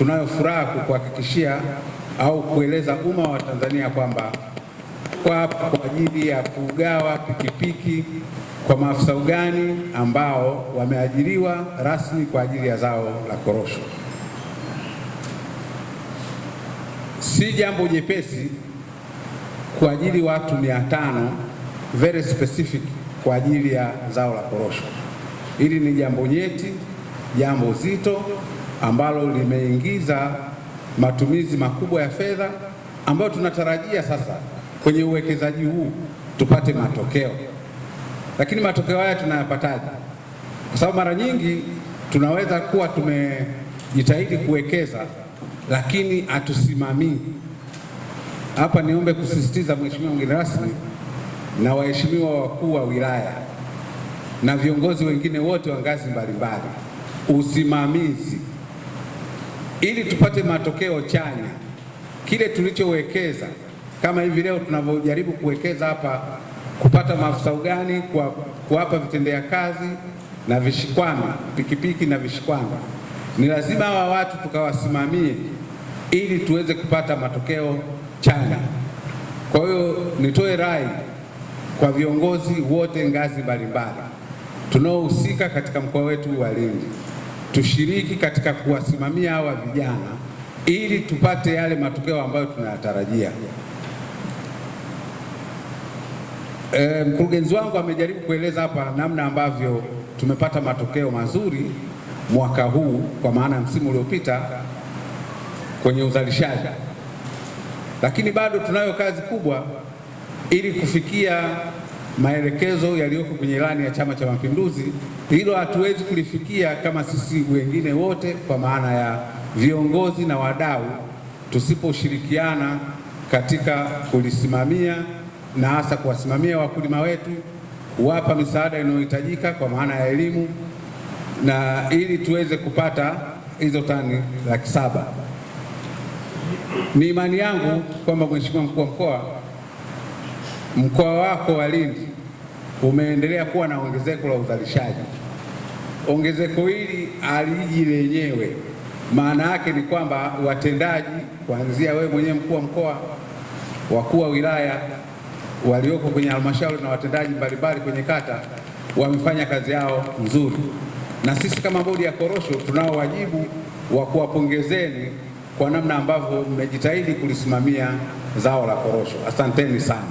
Tunayo furaha kukuhakikishia au kueleza umma wa Tanzania kwamba kwa ajili ya kugawa pikipiki kwa maafisa ugani ambao wameajiriwa rasmi kwa ajili ya zao la korosho. Si jambo jepesi kuajiri watu mia tano very specific kwa ajili ya zao la korosho. Hili ni jambo nyeti, jambo zito ambalo limeingiza matumizi makubwa ya fedha ambayo tunatarajia sasa kwenye uwekezaji huu tupate matokeo. Lakini matokeo haya tunayapataje? Kwa sababu mara nyingi tunaweza kuwa tumejitahidi kuwekeza lakini hatusimamii. Hapa niombe kusisitiza, Mheshimiwa mgeni rasmi na waheshimiwa wakuu wa wilaya na viongozi wengine wote wa ngazi mbalimbali, usimamizi ili tupate matokeo chanya. Kile tulichowekeza kama hivi leo tunavyojaribu kuwekeza hapa, kupata maafisa ugani kwa kuwapa vitendea kazi na vishikwama, pikipiki na vishikwama, ni lazima hawa watu tukawasimamie ili tuweze kupata matokeo chanya. Kwa hiyo nitoe rai kwa viongozi wote ngazi mbalimbali tunaohusika katika mkoa wetu wa Lindi tushiriki katika kuwasimamia hawa vijana ili tupate yale matokeo ambayo tunayatarajia. E, mkurugenzi wangu amejaribu kueleza hapa namna ambavyo tumepata matokeo mazuri mwaka huu kwa maana ya msimu uliopita kwenye uzalishaji, lakini bado tunayo kazi kubwa ili kufikia maelekezo yaliyoko kwenye ilani ya Chama cha Mapinduzi. Hilo hatuwezi kulifikia kama sisi wengine wote, kwa maana ya viongozi na wadau, tusiposhirikiana katika kulisimamia na hasa kuwasimamia wakulima wetu, kuwapa misaada inayohitajika kwa maana ya elimu, na ili tuweze kupata hizo tani laki saba. Ni imani yangu kwamba Mheshimiwa Mkuu wa Mkoa Mkoa wako wa Lindi umeendelea kuwa na ongezeko la uzalishaji. Ongezeko hili aliji lenyewe, maana yake ni kwamba watendaji kuanzia wewe mwenyewe mkuu wa mkoa, wakuu wa wilaya walioko kwenye halmashauri na watendaji mbalimbali kwenye kata wamefanya kazi yao nzuri, na sisi kama bodi ya korosho tunao wajibu wa kuwapongezeni kwa namna ambavyo mmejitahidi kulisimamia zao la korosho. Asanteni sana.